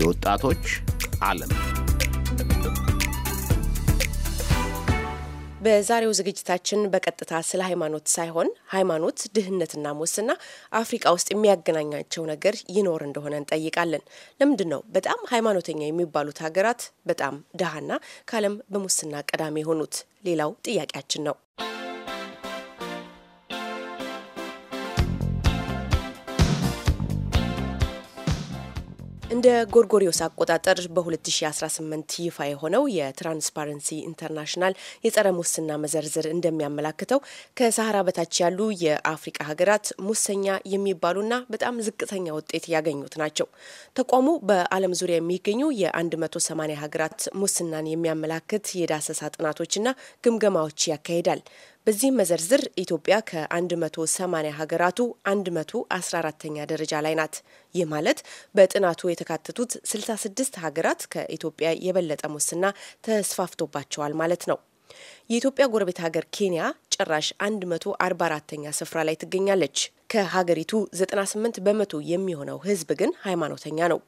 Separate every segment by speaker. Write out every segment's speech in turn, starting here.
Speaker 1: የወጣቶች ዓለም
Speaker 2: በዛሬው ዝግጅታችን በቀጥታ ስለ ሃይማኖት ሳይሆን ሃይማኖት፣ ድህነትና ሙስና አፍሪቃ ውስጥ የሚያገናኛቸው ነገር ይኖር እንደሆነ እንጠይቃለን። ለምንድን ነው በጣም ሃይማኖተኛ የሚባሉት ሀገራት በጣም ድሃና ከዓለም በሙስና ቀዳሚ የሆኑት? ሌላው ጥያቄያችን ነው። እንደ ጎርጎሪዮስ አቆጣጠር በ2018 ይፋ የሆነው የትራንስፓረንሲ ኢንተርናሽናል የጸረ ሙስና መዘርዝር እንደሚያመላክተው ከሰሃራ በታች ያሉ የአፍሪቃ ሀገራት ሙሰኛ የሚባሉና በጣም ዝቅተኛ ውጤት ያገኙት ናቸው። ተቋሙ በዓለም ዙሪያ የሚገኙ የ180 ሀገራት ሙስናን የሚያመላክት የዳሰሳ ጥናቶችና ግምገማዎች ያካሂዳል። በዚህም መዘርዝር ኢትዮጵያ ከ180 ሀገራቱ 114ኛ ደረጃ ላይ ናት። ይህ ማለት በጥናቱ የተካተቱት 66 ሀገራት ከኢትዮጵያ የበለጠ ሙስና ተስፋፍቶባቸዋል ማለት ነው። የኢትዮጵያ ጎረቤት ሀገር ኬንያ ጭራሽ 144ኛ ስፍራ ላይ ትገኛለች። ከሀገሪቱ 98 በመቶ የሚሆነው ህዝብ ግን ሃይማኖተኛ ነው።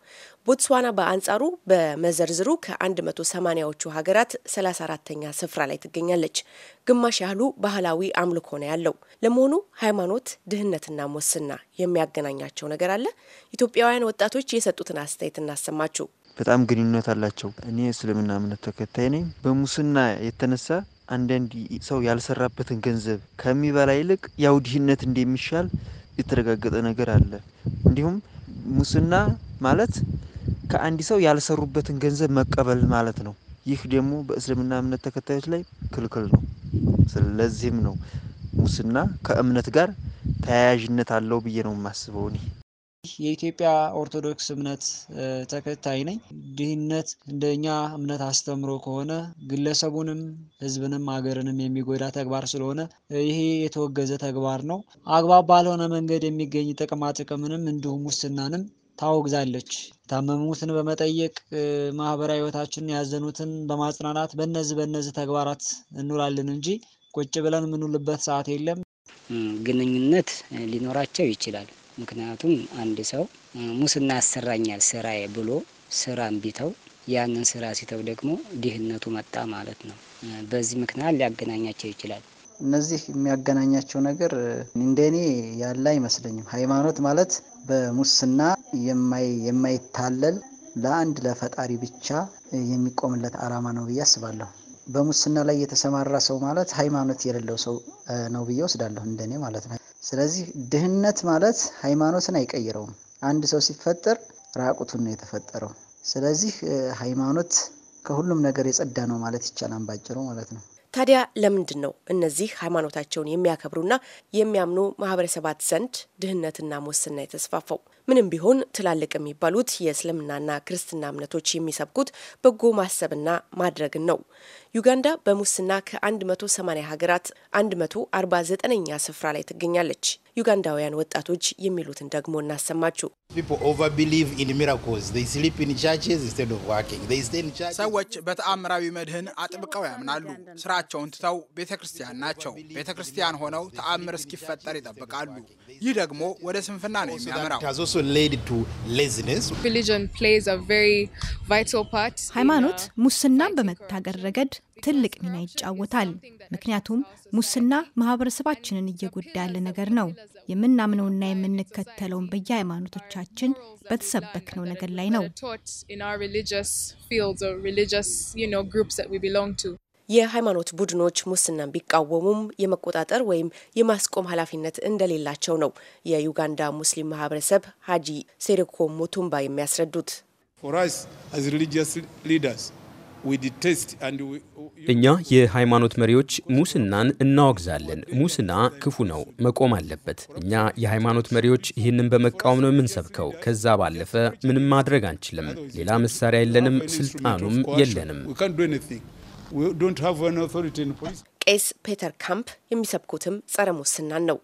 Speaker 2: ቦትስዋና በአንጻሩ በመዘርዝሩ ከ180ዎቹ ሀገራት 34ተኛ ስፍራ ላይ ትገኛለች። ግማሽ ያህሉ ባህላዊ አምልኮ ነው ያለው። ለመሆኑ ሃይማኖት፣ ድህነትና ሙስና የሚያገናኛቸው ነገር አለ? ኢትዮጵያውያን ወጣቶች የሰጡትን አስተያየት እናሰማችሁ።
Speaker 1: በጣም ግንኙነት አላቸው። እኔ እስልምና እምነት ተከታይ ነኝ። በሙስና የተነሳ አንዳንድ ሰው ያልሰራበትን ገንዘብ ከሚበላ ይልቅ ያው ድህነት እንደሚሻል የተረጋገጠ ነገር አለ። እንዲሁም ሙስና ማለት ከአንድ ሰው ያልሰሩበትን ገንዘብ መቀበል ማለት ነው። ይህ ደግሞ በእስልምና እምነት ተከታዮች ላይ ክልክል ነው። ስለዚህም ነው ሙስና ከእምነት ጋር ተያያዥነት አለው ብዬ ነው የማስበው እኔ
Speaker 3: የኢትዮጵያ ኦርቶዶክስ እምነት ተከታይ ነኝ። ድህነት እንደኛ እምነት አስተምሮ ከሆነ ግለሰቡንም ሕዝብንም ሀገርንም የሚጎዳ ተግባር ስለሆነ ይሄ የተወገዘ ተግባር ነው። አግባብ ባልሆነ መንገድ የሚገኝ ጥቅማ ጥቅምንም እንዲሁም ሙስናንም ታወግዛለች። የታመሙትን በመጠየቅ ማህበራዊ ሕይወታችንን ያዘኑትን በማጽናናት በነዚህ በነዚህ ተግባራት እንውላለን እንጂ ቁጭ
Speaker 4: ብለን የምንውልበት ሰዓት የለም። ግንኙነት ሊኖራቸው ይችላል ምክንያቱም አንድ ሰው ሙስና ያሰራኛል ስራዬ ብሎ ስራን ቢተው ያንን ስራ ሲተው ደግሞ ድህነቱ መጣ ማለት ነው። በዚህ ምክንያት ሊያገናኛቸው ይችላል። እነዚህ የሚያገናኛቸው ነገር እንደኔ ያለ አይመስለኝም። ሃይማኖት ማለት በሙስና የማይታለል ለአንድ ለፈጣሪ ብቻ የሚቆምለት አላማ ነው ብዬ አስባለሁ። በሙስና ላይ የተሰማራ ሰው ማለት ሃይማኖት የሌለው ሰው ነው ብዬ ወስዳለሁ፣ እንደኔ ማለት ነው። ስለዚህ ድህነት ማለት ሃይማኖትን አይቀይረውም። አንድ ሰው ሲፈጠር ራቁቱን ነው የተፈጠረው። ስለዚህ ሃይማኖት ከሁሉም ነገር የጸዳ ነው ማለት ይቻላል ባጭሩ ማለት ነው።
Speaker 2: ታዲያ ለምንድን ነው እነዚህ ሃይማኖታቸውን የሚያከብሩና የሚያምኑ ማህበረሰባት ዘንድ ድህነትና ሙስና የተስፋፋው? ምንም ቢሆን ትላልቅ የሚባሉት የእስልምናና ክርስትና እምነቶች የሚሰብኩት በጎ ማሰብና ማድረግን ነው። ዩጋንዳ በሙስና ከ180 ሀገራት 149ኛ ስፍራ ላይ ትገኛለች። ዩጋንዳውያን ወጣቶች የሚሉትን ደግሞ
Speaker 1: እናሰማችሁ። ሰዎች በተአምራዊ መድህን አጥብቀው ያምናሉ። ስራቸውን ትተው ቤተ ክርስቲያን ናቸው። ቤተ ክርስቲያን ሆነው ተአምር እስኪፈጠር ይጠብቃሉ። ይህ ደግሞ ወደ ስንፍና ነው የሚያምራው። also led to laziness. Religion plays a very vital part.
Speaker 2: ሃይማኖት uh, ሙስናን በመታገር ረገድ ትልቅ ሚና ይጫወታል። ምክንያቱም ሙስና ማህበረሰባችንን እየጎዳ ያለ ነገር ነው። የምናምነውና የምንከተለውን በየሃይማኖቶቻችን በተሰበክነው ነገር ላይ ነው። የሃይማኖት ቡድኖች ሙስናን ቢቃወሙም የመቆጣጠር ወይም የማስቆም ኃላፊነት እንደሌላቸው ነው የዩጋንዳ ሙስሊም ማህበረሰብ ሀጂ ሴሪኮ ሙቱምባ የሚያስረዱት።
Speaker 1: እኛ የሃይማኖት መሪዎች ሙስናን እናወግዛለን። ሙስና ክፉ ነው፣ መቆም አለበት። እኛ የሃይማኖት መሪዎች ይህንን በመቃወም ነው የምንሰብከው። ከዛ ባለፈ ምንም ማድረግ አንችልም። ሌላ መሳሪያ የለንም፣ ስልጣኑም የለንም። ቄስ ፔተር
Speaker 2: ካምፕ የሚሰብኩትም ጸረ ሙስናን ነው።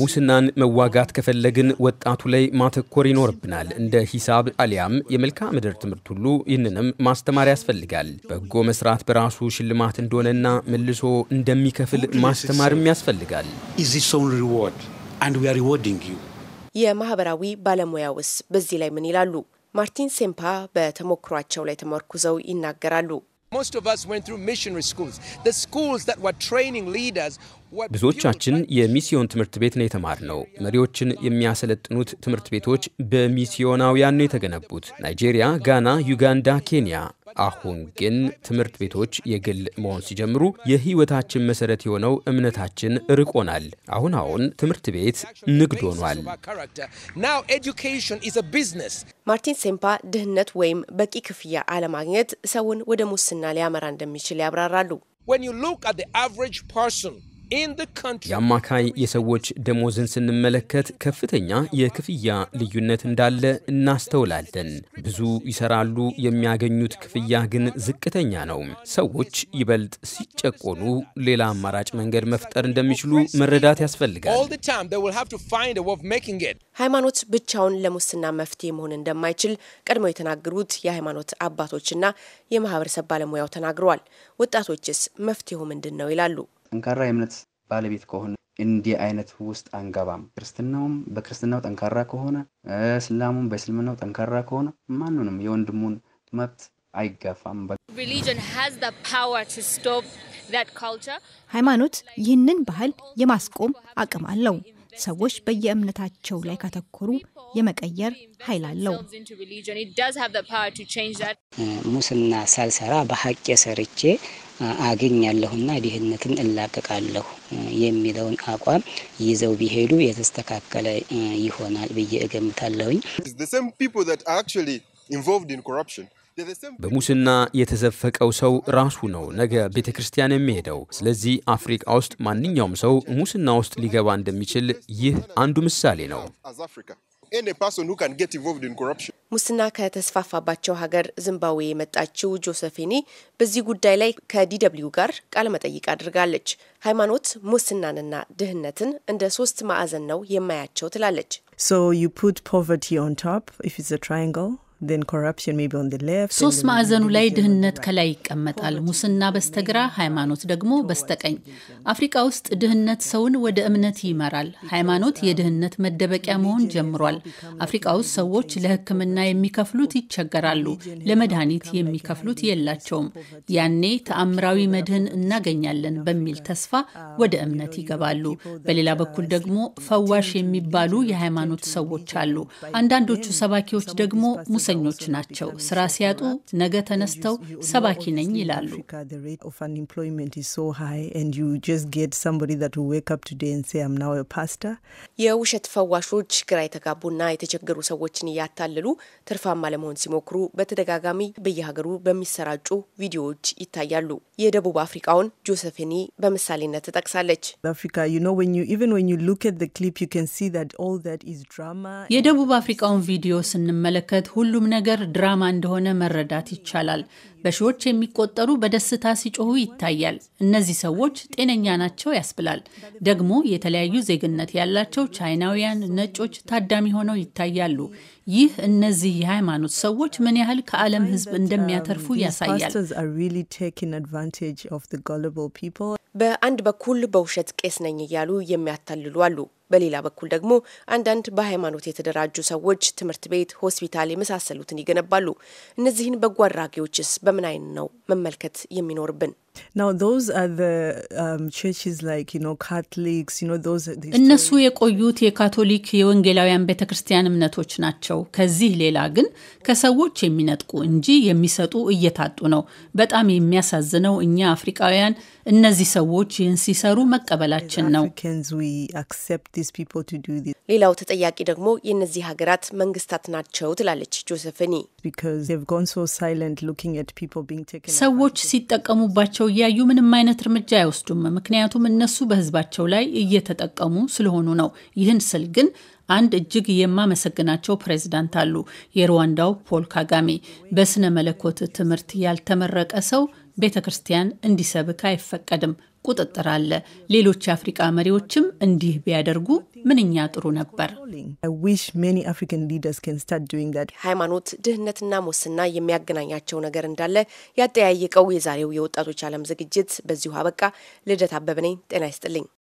Speaker 1: ሙስናን መዋጋት ከፈለግን ወጣቱ ላይ ማተኮር ይኖርብናል። እንደ ሂሳብ አሊያም የመልክዓ ምድር ትምህርት ሁሉ ይህንንም ማስተማር ያስፈልጋል። በጎ መስራት በራሱ ሽልማት እንደሆነና መልሶ እንደሚከፍል ማስተማርም ያስፈልጋል።
Speaker 2: የማህበራዊ ባለሙያውስ በዚህ ላይ ምን ይላሉ? ማርቲን ሴምፓ በተሞክሯቸው ላይ ተመርኩዘው ይናገራሉ።
Speaker 1: ብዙዎቻችን የሚስዮን ትምህርት ቤት ነው የተማርነው። መሪዎችን የሚያሰለጥኑት ትምህርት ቤቶች በሚስዮናውያን ነው የተገነቡት። ናይጄሪያ፣ ጋና፣ ዩጋንዳ፣ ኬንያ አሁን ግን ትምህርት ቤቶች የግል መሆን ሲጀምሩ የህይወታችን መሰረት የሆነው እምነታችን ርቆናል። አሁን አሁን ትምህርት ቤት ንግድ ሆኗል።
Speaker 2: ማርቲን ሴምፓ ድህነት ወይም በቂ ክፍያ አለማግኘት ሰውን ወደ ሙስና ሊያመራ እንደሚችል ያብራራሉ።
Speaker 1: የአማካይ የሰዎች ደሞዝን ስንመለከት ከፍተኛ የክፍያ ልዩነት እንዳለ እናስተውላለን። ብዙ ይሰራሉ፣ የሚያገኙት ክፍያ ግን ዝቅተኛ ነው። ሰዎች ይበልጥ ሲጨቆኑ ሌላ አማራጭ መንገድ መፍጠር እንደሚችሉ መረዳት ያስፈልጋል።
Speaker 2: ሃይማኖት ብቻውን ለሙስና መፍትሄ መሆን እንደማይችል ቀድመው የተናገሩት የሃይማኖት አባቶችና የማህበረሰብ ባለሙያው ተናግረዋል። ወጣቶችስ መፍትሄው ምንድን ነው ይላሉ።
Speaker 1: ጠንካራ የእምነት ባለቤት ከሆነ እንዲህ አይነት ውስጥ አንገባም። ክርስትናውም በክርስትናው ጠንካራ ከሆነ፣ እስላሙም በእስልምናው ጠንካራ ከሆነ ማንንም የወንድሙን መብት አይገፋም።
Speaker 2: ሃይማኖት ይህንን ባህል የማስቆም አቅም አለው። ሰዎች በየእምነታቸው ላይ ካተኮሩ የመቀየር ኃይል አለው።
Speaker 4: ሙስና ሳልሰራ በሀቄ ሰርቼ አገኛለሁና ድህነትን እላቀቃለሁ
Speaker 1: የሚለውን አቋም ይዘው ቢሄዱ የተስተካከለ ይሆናል ብዬ እገምታለሁኝ። በሙስና የተዘፈቀው ሰው ራሱ ነው ነገ ቤተ ክርስቲያን የሚሄደው። ስለዚህ አፍሪካ ውስጥ ማንኛውም ሰው ሙስና ውስጥ ሊገባ እንደሚችል ይህ አንዱ ምሳሌ ነው። any
Speaker 2: person who can get involved in corruption. ሙስና ከተስፋፋባቸው ሀገር ዚምባብዌ የመጣችው ጆሴፊኒ በዚህ ጉዳይ ላይ ከዲደብሊው ጋር ቃለመጠይቅ አድርጋለች። ሃይማኖት ሙስናንና ድህነትን እንደ ሶስት ማዕዘን ነው የማያቸው ትላለች።
Speaker 3: So you put ሶስት ማዕዘኑ ላይ
Speaker 4: ድህነት ከላይ ይቀመጣል፣ ሙስና በስተግራ፣ ሃይማኖት ደግሞ በስተቀኝ። አፍሪካ ውስጥ ድህነት ሰውን ወደ እምነት ይመራል። ሃይማኖት የድህነት መደበቂያ መሆን ጀምሯል። አፍሪካ ውስጥ ሰዎች ለሕክምና የሚከፍሉት ይቸገራሉ፣ ለመድኃኒት የሚከፍሉት የላቸውም። ያኔ ተአምራዊ መድህን እናገኛለን በሚል ተስፋ uh, ወደ እምነት ይገባሉ። በሌላ በኩል ደግሞ ፈዋሽ የሚባሉ የሃይማኖት ሰዎች አሉ። አንዳንዶቹ ሰባኪዎች ደግሞ ሙስ ሙሰኞች ናቸው። ስራ ሲያጡ ነገ ተነስተው ሰባኪ ነኝ ይላሉ።
Speaker 2: የውሸት ፈዋሾች ግራ የተጋቡና የተቸገሩ ሰዎችን እያታለሉ ትርፋማ ለመሆን ሲሞክሩ በተደጋጋሚ በየሀገሩ በሚሰራጩ ቪዲዮዎች ይታያሉ። የደቡብ አፍሪካውን ጆሴፊኒ በምሳሌነት ትጠቅሳለች።
Speaker 4: የደቡብ አፍሪካውን ቪዲዮ ስንመለከት ሁሉ ሁሉም ነገር ድራማ እንደሆነ መረዳት ይቻላል። በሺዎች የሚቆጠሩ በደስታ ሲጮሁ ይታያል። እነዚህ ሰዎች ጤነኛ ናቸው ያስብላል። ደግሞ የተለያዩ ዜግነት ያላቸው ቻይናውያን፣ ነጮች ታዳሚ ሆነው ይታያሉ። ይህ እነዚህ የሃይማኖት ሰዎች ምን ያህል ከዓለም ሕዝብ እንደሚያተርፉ ያሳያል።
Speaker 2: በአንድ በኩል በውሸት ቄስ ነኝ እያሉ የሚያታልሉ አሉ። በሌላ በኩል ደግሞ አንዳንድ በሃይማኖት የተደራጁ ሰዎች ትምህርት ቤት፣ ሆስፒታል የመሳሰሉትን ይገነባሉ። እነዚህን በጎ አድራጊዎችስ በምን አይን ነው መመልከት የሚኖርብን?
Speaker 3: እነሱ
Speaker 4: የቆዩት የካቶሊክ የወንጌላውያን ቤተ ክርስቲያን እምነቶች ናቸው። ከዚህ ሌላ ግን ከሰዎች የሚነጥቁ እንጂ የሚሰጡ እየታጡ ነው። በጣም የሚያሳዝነው እኛ አፍሪካውያን እነዚህ ሰዎች ይህን ሲሰሩ መቀበላችን ነው።
Speaker 2: ሌላው ተጠያቂ ደግሞ የእነዚህ ሀገራት መንግስታት ናቸው ትላለች ጆሰፍኒ።
Speaker 4: ሰዎች ሲጠቀሙባቸው እያዩ ምንም አይነት እርምጃ አይወስዱም። ምክንያቱም እነሱ በህዝባቸው ላይ እየተጠቀሙ ስለሆኑ ነው። ይህን ስል ግን አንድ እጅግ የማመሰግናቸው ፕሬዝዳንት አሉ። የሩዋንዳው ፖል ካጋሜ በስነ መለኮት ትምህርት ያልተመረቀ ሰው ቤተ ክርስቲያን እንዲሰብክ አይፈቀድም፣ ቁጥጥር አለ። ሌሎች የአፍሪቃ መሪዎችም እንዲህ ቢያደርጉ ምንኛ ጥሩ ነበር።
Speaker 2: ሃይማኖት፣ ድህነትና ሙስና የሚያገናኛቸው ነገር እንዳለ
Speaker 4: ያጠያይቀው የዛሬው የወጣቶች ዓለም ዝግጅት በዚሁ አበቃ። ልደት አበበ ነኝ። ጤና ይስጥልኝ።